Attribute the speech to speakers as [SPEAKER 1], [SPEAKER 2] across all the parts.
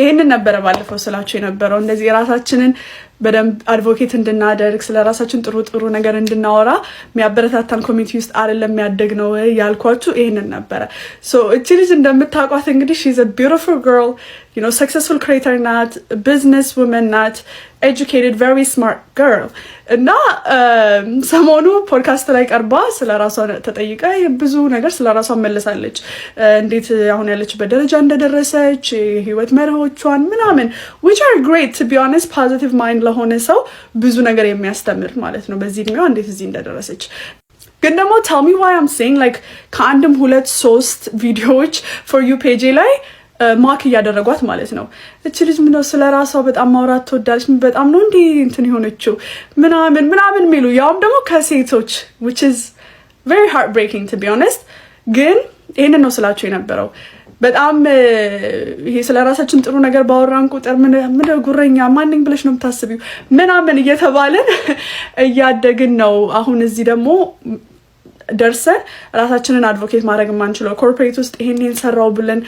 [SPEAKER 1] ይህንን ነበረ ባለፈው ስላችሁ የነበረው እንደዚህ የራሳችንን በደንብ አድቮኬት እንድናደርግ ስለ ራሳችን ጥሩ ጥሩ ነገር እንድናወራ የሚያበረታታን ኮሚኒቲ ውስጥ አይደለም የሚያደግ ነው ያልኳችሁ ይህንን ነበረ። እቺ ልጅ እንደምታውቋት እንግዲህ ሺዝ ቢዩቲፉል ግርል ሰክሰስፉል ክሬተር ናት፣ ቢዝነስ ውመን ናት። ኤጁኬትድ ቨሪ ስማርት ገርል እና um, ሰሞኑ ፖድካስት ላይ ቀርባ ስለ ራሷ ተጠይቃ ብዙ ነገር ስለ ራሷ መለሳለች። uh, እንዴት አሁን ያለችበት ደረጃ እንደደረሰች የህይወት መርሆቿን ምናምን ዊች አር ግሬት ቢ ኦነስት ፖዚቲቭ ማይንድ ለሆነ ሰው ብዙ ነገር የሚያስተምር ማለት ነው። በዚህ እድሜዋ እንዴት እዚህ እንደደረሰች ግን ደግሞ ሚ ዋይ አም ሴይንግ ላይክ ከአንድም ሁለት ሶስት ቪዲዮዎች ፎር ዩ ፔጄ ላይ ማክ እያደረጓት ማለት ነው። እች ልጅ ምነው ስለ ራሷ በጣም ማውራት ትወዳለች፣ በጣም ነው እንዲህ እንትን የሆነችው ምናምን ምናምን የሚሉ ያውም ደግሞ ከሴቶች ዊች ኢዝ ቬሪ ሃርት ብሬኪንግ ቱ ቢ ኦነስት። ግን ይህንን ነው ስላቸው የነበረው በጣም ይሄ ስለ ራሳችን ጥሩ ነገር ባወራን ቁጥር ምን ጉረኛ ማንኝ ብለሽ ነው የምታስቢው ምናምን እየተባልን እያደግን ነው። አሁን እዚህ ደግሞ ደርሰን ራሳችንን አድቮኬት ማድረግ የማንችለው ኮርፖሬት ውስጥ ይሄን ይሄን ሰራው ብለን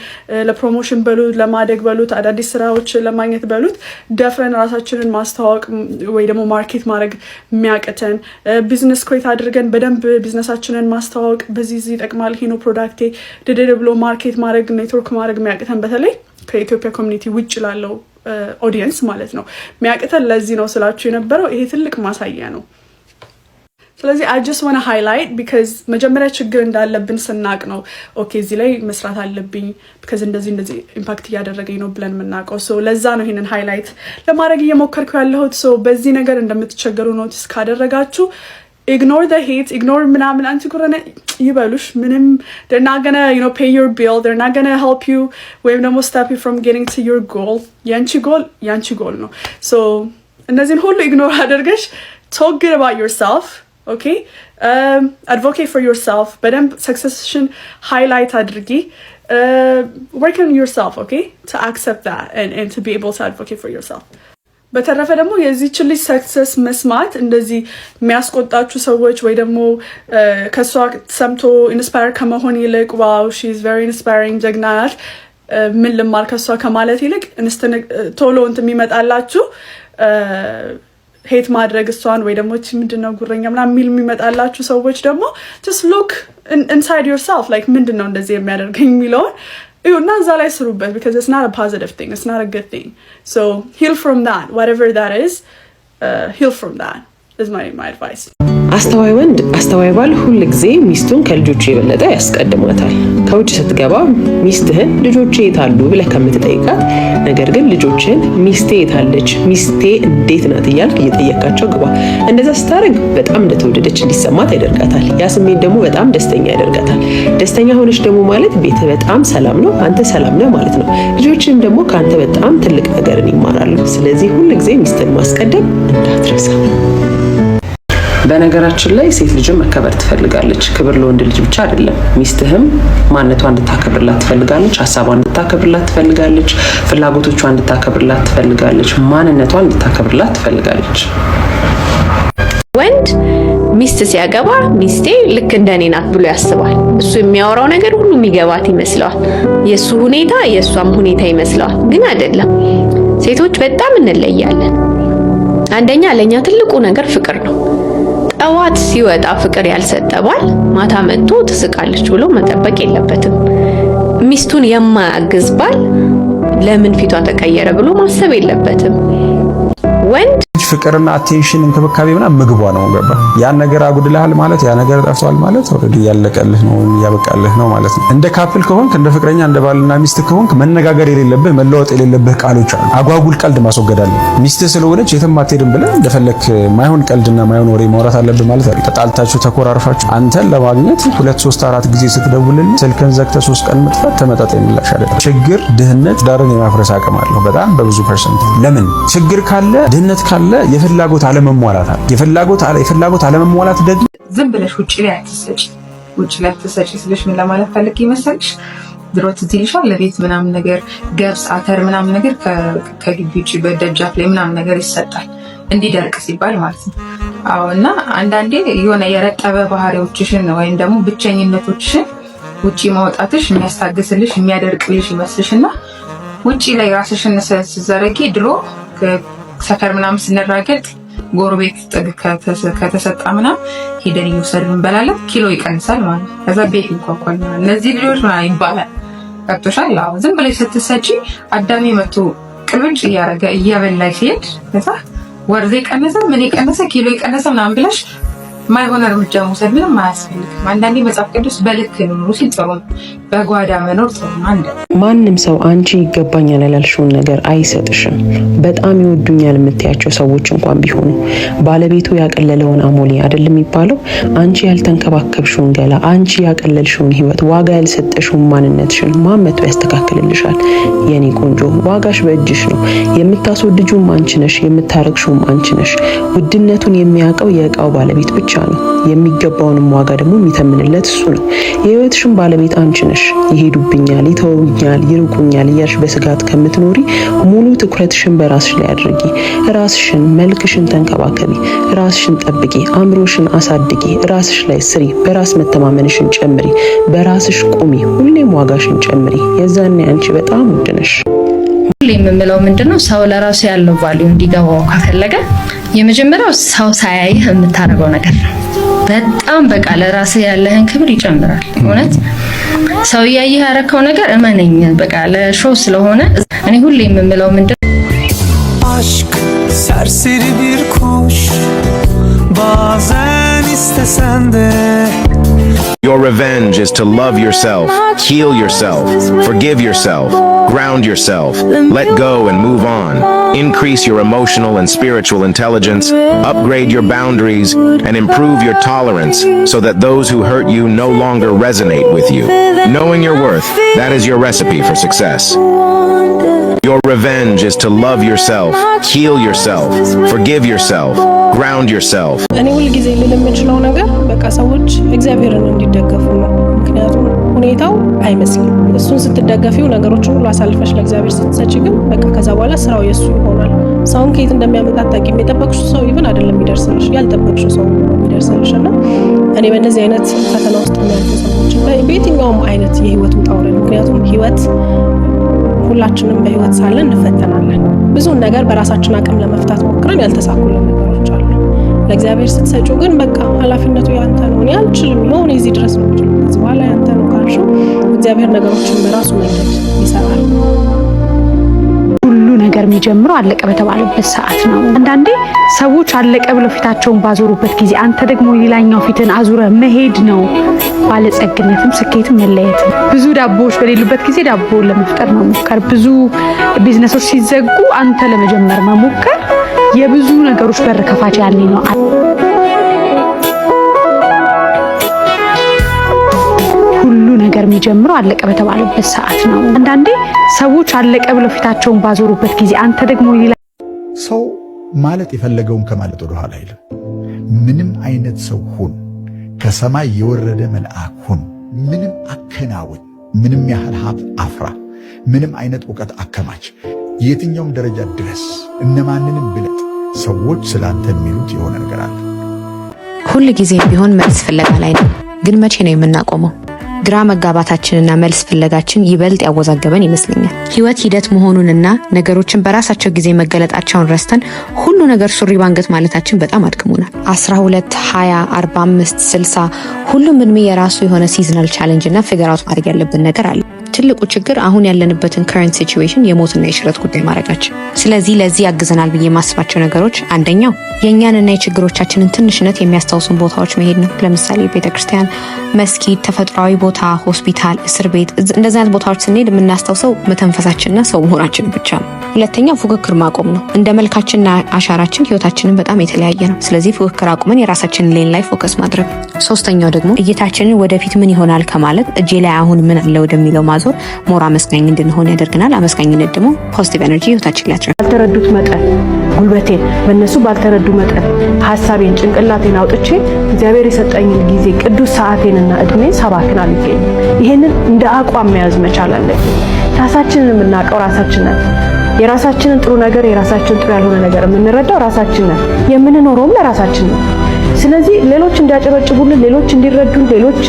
[SPEAKER 1] ለፕሮሞሽን በሉት ለማደግ በሉት አዳዲስ ስራዎች ለማግኘት በሉት ደፍረን ራሳችንን ማስተዋወቅ ወይ ደግሞ ማርኬት ማድረግ የሚያቅተን ቢዝነስ ክሬት አድርገን በደንብ ቢዝነሳችንን ማስተዋወቅ በዚህ ዚህ ይጠቅማል ሄኖ ፕሮዳክቴ ድድድ ብሎ ማርኬት ማድረግ ኔትወርክ ማድረግ የሚያቅተን በተለይ ከኢትዮጵያ ኮሚኒቲ ውጭ ላለው ኦዲየንስ ማለት ነው የሚያቅተን ለዚህ ነው ስላችሁ የነበረው ይሄ ትልቅ ማሳያ ነው። ስለዚህ አይ ጀስት ዋና ሃይላይት ቢካዝ መጀመሪያ ችግር እንዳለብን ስናቅ ነው ኦኬ እዚህ ላይ መስራት አለብኝ ቢካዝ እንደዚህ እንደዚህ ኢምፓክት እያደረገኝ ነው ብለን የምናውቀው። ሶ ለዛ ነው ይሄንን ሃይላይት ለማድረግ እየሞከርኩ ያለሁት። ሶ በዚህ ነገር እንደምትቸገሩ ኖቲስ ካደረጋችሁ ኢግኖር ዘ ሄት ኢግኖር ምናምን አንቺ ኩረነ ይበሉሽ ምንም ደርና ገነ ዩ ፔይ ዮር ቢል ደርና ገነ ሄልፕ ዩ ወይም ደግሞ ስታፕ ዩ ፍሮም ጌቲንግ ቱ ዮር ጎል። ያንቺ ጎል ያንቺ ጎል ነው። ሶ እነዚህን ሁሉ ኢግኖር አድርገሽ ቶክ ዩር ባውት ዮርሰልፍ ኦኬ አድቮኬት ፎር ዮርሰልፍ በደንብ ሰክሰስሽን ሃይላይት አድርጊ። ወርክ ኦን ዮርሰልፍ ኦኬ ቱ አክሰፕት ቱ ቢ ኤብል ቱ አድቮኬት ፎር ዮርሰልፍ። በተረፈ ደግሞ የዚችን ልጅ ሰክሰስ መስማት እንደዚህ የሚያስቆጣችሁ ሰዎች ወይ ደግሞ ከእሷ ሰምቶ ኢንስፓየር ከመሆን ይልቅ ዋው ሺ ኢዝ ቬሪ ኢንስፓይሪንግ ጀግና ናት ምን ልማር ከእሷ ከማለት ይልቅ ቶሎ እንትን የሚመጣላችሁ ሄት ማድረግ እሷን ወይ ደግሞ ምንድነው ጉረኛ ምናምን የሚል የሚመጣላችሁ ሰዎች ደግሞ ጀስት ሉክ ኢንሳይድ ዮርሰልፍ ላይክ ምንድን ነው እንደዚህ የሚያደርገኝ የሚለውን እዩ እና እዛ ላይ ስሩበት ቢካዝ ኢትስ ናት አ ፖዚቲቭ ቲንግ ኢትስ ናት አ ጉድ ቲንግ ሶ ሂል ፍሮም ዛት ዋትኤቨር ዛት ኢዝ ሂል ፍሮም ዛት ኢዝ ማይ አድቫይስ
[SPEAKER 2] አስተዋይ ወንድ፣ አስተዋይ ባል ሁል ጊዜ ሚስቱን ከልጆቹ የበለጠ ያስቀድማታል። ከውጭ ስትገባ ሚስትህን ልጆቼ የታሉ ብለህ ከምትጠይቃት፣ ነገር ግን ልጆችህን ሚስቴ የታለች፣ ሚስቴ እንዴት ናት እያልክ እየጠየካቸው ግባ። እንደዛ ስታደርግ በጣም እንደተወደደች እንዲሰማት ያደርጋታል። ያ ስሜት ደግሞ በጣም ደስተኛ ያደርጋታል። ደስተኛ ሆነች ደግሞ ማለት ቤት በጣም ሰላም ነው፣ አንተ ሰላም ነው ማለት ነው። ልጆችህም ደግሞ ከአንተ በጣም ትልቅ ነገርን ይማራሉ። ስለዚህ ሁል ጊዜ ሚስትን ማስቀደም እንዳትረሳ። በነገራችን ላይ ሴት ልጅም መከበር ትፈልጋለች። ክብር ለወንድ ልጅ ብቻ አይደለም። ሚስትህም ማንነቷ እንድታከብርላት ትፈልጋለች። ሀሳቧ እንድታከብርላት ትፈልጋለች። ፍላጎቶቿ እንድታከብርላት ትፈልጋለች። ማንነቷ እንድታከብርላት ትፈልጋለች። ወንድ ሚስት ሲያገባ ሚስቴ ልክ እንደኔ ናት ብሎ ያስባል። እሱ የሚያወራው ነገር ሁሉ የሚገባት ይመስለዋል። የእሱ ሁኔታ የእሷም ሁኔታ ይመስለዋል። ግን አይደለም። ሴቶች በጣም እንለያለን። አንደኛ ለእኛ ትልቁ ነገር ፍቅር ነው። ጠዋት ሲወጣ ፍቅር ያልሰጠ ባል ማታ መጥቶ ትስቃለች ብሎ መጠበቅ የለበትም። ሚስቱን የማያግዝ ባል ለምን ፊቷ ተቀየረ ብሎ ማሰብ የለበትም። ወንድ
[SPEAKER 3] ፍቅርና አቴንሽን እንክብካቤ ምናምን ምግቧ ነው ገባ። ያን ነገር አጉድልሃል ማለት ያ ነገር ጠፍቷል ማለት ኦልሬዲ ያለቀልህ ነው ያበቃልህ ነው ማለት ነው። እንደ ካፕል ከሆንክ እንደ ፍቅረኛ እንደ ባልና ሚስት ከሆንክ መነጋገር የሌለብህ መለወጥ የሌለብህ ቃሎች አሉ። አጓጉል ቀልድ ማስወገድ ሚስት ስለሆነች የትም አትሄድም ብለህ እንደፈለክ ማይሆን ቀልድና ማይሆን ወሬ ማውራት አለብህ ማለት አለ። ተጣልታችሁ ተኮራርፋችሁ አንተን ለማግኘት ሁለት ሶስት አራት ጊዜ ስትደውልልኝ ስልክን ዘግተህ ሶስት ቀን መጥፋት ተመጣጣኝ ምላሽ አይደለም። ችግር ድህነት ዳርን የማፍረስ አቅም አለው በጣም በብዙ ፐርሰንት። ለምን ችግር ካለ ድህነት ካለ የፍላጎት አለመሟላት አለ። የፍላጎት አለመሟላት ደግሞ
[SPEAKER 4] ዝም ብለሽ ውጭ ላይ አትሰጪ። ውጭ ላይ አትሰጪ ስለሽ ምን ለማለት ፈልጌ ይመስልሽ? ድሮ ትዝ ይልሻል ለቤት ምናምን ነገር ገብስ፣ አተር ምናምን ነገር ከግቢ ውጭ በደጃፍ ላይ ምናምን ነገር ይሰጣል እንዲደርቅ ሲባል ማለት ነው። አዎ። እና አንዳንዴ የሆነ የረጠበ ባህሪዎችሽን ወይም ደግሞ ብቸኝነቶችሽን ውጭ ማውጣትሽ የሚያስታግስልሽ የሚያደርቅልሽ ይመስልሽ እና ውጭ ላይ ራስሽን ስዘረጊ ድሮ ሰፈር ምናምን ስንራገጥ ጎረቤት ጥግ ከተሰጣ ምናምን ሄደን እየወሰድን እንበላለን። ኪሎ ይቀንሳል ማለት ነው። ከዛ ቤት ይንኳኳል። እነዚህ ልጆች ምናምን ይባላል። ገብቶሻል? አዎ። ዝም ብለሽ ስትሰጪ አዳሚ መቶ ቅብጭ እያረገ እያበላሽ ሲሄድ ከዛ ወርዜ ቀነሰ፣ ምን የቀነሰ ኪሎ የቀነሰ ምናምን ብለሽ ማይሆን እርምጃ መውሰድ ምንም አያስፈልግም። አንዳንዴ መጽሐፍ ቅዱስ በልክ ኑሩ ሲል ጥሩ በጓዳ መኖር ጥሩ ነው።
[SPEAKER 5] ማንም ሰው አንቺ ይገባኛል ያላልሽውን ነገር አይሰጥሽም። በጣም ይወዱኛል የምትያቸው ሰዎች እንኳን ቢሆኑ ባለቤቱ ያቀለለውን አሞሌ አይደል የሚባለው? አንቺ ያልተንከባከብሽውን ገላ፣ አንቺ ያቀለልሽውን ሕይወት፣ ዋጋ ያልሰጠሽውን ማንነትሽን ማመቱ ያስተካክልልሻል። የኔ ቆንጆ ዋጋሽ በእጅሽ ነው። የምታስወድጁም አንቺ ነሽ፣ የምታረግሹም አንቺ ነሽ። ውድነቱን የሚያውቀው የእቃው ባለቤት ብቻ ብቻ ነው። የሚገባውንም ዋጋ ደግሞ የሚተምንለት እሱ ነው። የህይወትሽን ባለቤት አንቺ ነሽ። ይሄዱብኛል፣ ይተውኛል፣ ይርቁኛል እያልሽ በስጋት ከምትኖሪ ሙሉ ትኩረትሽን በራስሽ ላይ አድርጊ። ራስሽን፣ መልክሽን ተንከባከቢ፣ ራስሽን ጠብቂ፣ አእምሮሽን አሳድጊ፣ ራስሽ ላይ ስሪ፣ በራስ መተማመንሽን ጨምሪ፣ በራስሽ ቁሚ፣ ሁሌም ዋጋሽን ጨምሪ። የዛኔ አንቺ በጣም ውድ ነሽ።
[SPEAKER 6] ሁሌ የምምለው ምንድነው ሰው ለራሱ ያለው ቫሊዩ እንዲገባው ከፈለገ የመጀመሪያው ሰው ሳያይህ የምታደርገው ነገር ነው። በጣም በቃ ለራስህ ያለህን ክብር ይጨምራል። እውነት ሰው እያየህ ያረከው ነገር እመነኝ፣ በቃ ለሾው ስለሆነ እኔ ሁሌ የምምለው ምንድነው አሽክ serseri ቢርኩሽ
[SPEAKER 7] ባዘን bazen Your revenge is to love yourself, heal yourself, forgive yourself, ground yourself, let go and move on, increase your emotional and spiritual intelligence, upgrade your boundaries, and improve your tolerance so that those who hurt you no longer resonate with you. Knowing your worth, that is your recipe for success. Your revenge is to love yourself, heal yourself, forgive yourself, ground yourself.
[SPEAKER 8] ስትደገፉ ነው። ምክንያቱም ሁኔታው አይመስልም። እሱን ስትደገፊው ነገሮችን ሁሉ አሳልፈሽ ለእግዚአብሔር ስትሰጪ ግን በቃ ከዛ በኋላ ስራው የእሱ ይሆናል። ሰውን ከየት እንደሚያመጣ አታውቂም። የጠበቅሽው ሰው ይብን አይደለም የሚደርስልሽ፣ ያልጠበቅሽው ሰው የሚደርስልሽ እና እኔ በእነዚህ አይነት ፈተና ውስጥ የሚያሉ ሰዎች በየትኛውም አይነት የህይወት ውጣ ውረድ ምክንያቱም ህይወት ሁላችንም በህይወት ሳለን እንፈተናለን። ብዙውን ነገር በራሳችን አቅም ለመፍታት ሞክረን ያልተሳኩልን ነገሮች አሉ። ለእግዚአብሔር ስትሰጩ ግን በቃ ኃላፊነቱ ያንተ ነው። እኔ አልችልም የሆነ የዚህ ድረስ ነው ከዚህ በኋላ ያንተ ነው ካልሽው እግዚአብሔር ነገሮችን በራሱ መንገድ ይሰራል።
[SPEAKER 9] ሁሉ ነገር የሚጀምረው አለቀ በተባለበት ሰዓት ነው። አንዳንዴ ሰዎች አለቀ ብለው ፊታቸውን ባዞሩበት ጊዜ አንተ ደግሞ ሌላኛው ፊትን አዙረ መሄድ ነው ባለጸግነትም ስኬትም መለየት። ብዙ ዳቦዎች በሌሉበት ጊዜ ዳቦ ለመፍጠር መሞከር፣ ብዙ ቢዝነሶች ሲዘጉ አንተ ለመጀመር መሞከር የብዙ ነገሮች በር ከፋች ያለኝ ነው። ሁሉ ነገር የሚጀምረው አለቀ በተባለበት ሰዓት ነው። አንዳንዴ ሰዎች አለቀ ብለው ፊታቸውን ባዞሩበት ጊዜ አንተ ደግሞ ይላል።
[SPEAKER 10] ሰው ማለት የፈለገውን ከማለት ወደ ኋላ አይልም። ምንም አይነት ሰው ሁን፣ ከሰማይ የወረደ መልአክ ሁን፣ ምንም አከናውን፣ ምንም ያህል ሀብት አፍራ፣ ምንም አይነት እውቀት አከማች፣ የትኛውም ደረጃ ድረስ፣ እነማንንም ብለጥ ሰዎች ስላንተ የሚሉት የሆነ ነገር አለ።
[SPEAKER 11] ሁል ጊዜም ቢሆን መልስ ፍለጋ ላይ ነው። ግን መቼ ነው የምናቆመው? ግራ መጋባታችንና መልስ ፍለጋችን ይበልጥ ያወዛገበን ይመስለኛል። ህይወት ሂደት መሆኑንና ነገሮችን በራሳቸው ጊዜ መገለጣቸውን ረስተን ሁሉ ነገር ሱሪ ባንገት ማለታችን በጣም አድክሞናል። 12፣ 20፣ 45፣ 60 ሁሉም እድሜ የራሱ የሆነ ሲዝናል ቻሌንጅ እና ፊገር አውት ማድረግ ያለብን ነገር አለ። ትልቁ ችግር አሁን ያለንበትን ከረንት ሲቹዌሽን የሞትና የሽረት ጉዳይ ማድረጋችን። ስለዚህ ለዚህ ያግዘናል ብዬ የማስባቸው ነገሮች አንደኛው የእኛንና የችግሮቻችንን ትንሽነት የሚያስታውሱን ቦታዎች መሄድ ነው። ለምሳሌ ቤተክርስቲያን፣ መስጊድ፣ ተፈጥሯዊ ቦታ፣ ሆስፒታል፣ እስር ቤት እንደዚህ አይነት ቦታዎች ስንሄድ የምናስታውሰው መተንፈሳችንና ሰው መሆናችን ብቻ ነው። ሁለተኛው ፉክክር ማቆም ነው። እንደ መልካችንና አሻራችን ህይወታችንን በጣም የተለያየ ነው። ስለዚህ ፉክክር አቁመን የራሳችንን ሌን ላይ ፎከስ ማድረግ። ሶስተኛው ደግሞ እይታችንን ወደፊት ምን ይሆናል ከማለት እጄ ላይ አሁን ምን አለ ወደሚለው ማዘ በማዞር ሞር አመስጋኝ እንድንሆን ያደርግናል። አመስጋኝነት ደግሞ ፖዚቲቭ ኤነርጂ ህይወታችን ላይ
[SPEAKER 12] ባልተረዱት መጠን ጉልበቴን በእነሱ ባልተረዱ መጠን ሀሳቤን፣ ጭንቅላቴን አውጥቼ እግዚአብሔር የሰጠኝን ጊዜ ቅዱስ ሰዓቴንና እድሜን ሰባክን አልገኝም። ይህንን እንደ አቋም መያዝ መቻል አለብን። ራሳችንን የምናውቀው ራሳችን የራሳችንን ጥሩ ነገር፣ የራሳችን ጥሩ ያልሆነ ነገር የምንረዳው ራሳችን ነን። የምንኖረውም ለራሳችን ነው። ስለዚህ ሌሎች እንዲያጨበጭቡልን፣ ሌሎች እንዲረዱን፣ ሌሎች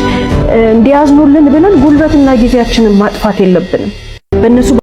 [SPEAKER 12] እንዲያዝኑልን ብለን ጉልበትና ጊዜያችንን ማጥፋት የለብንም በእነሱ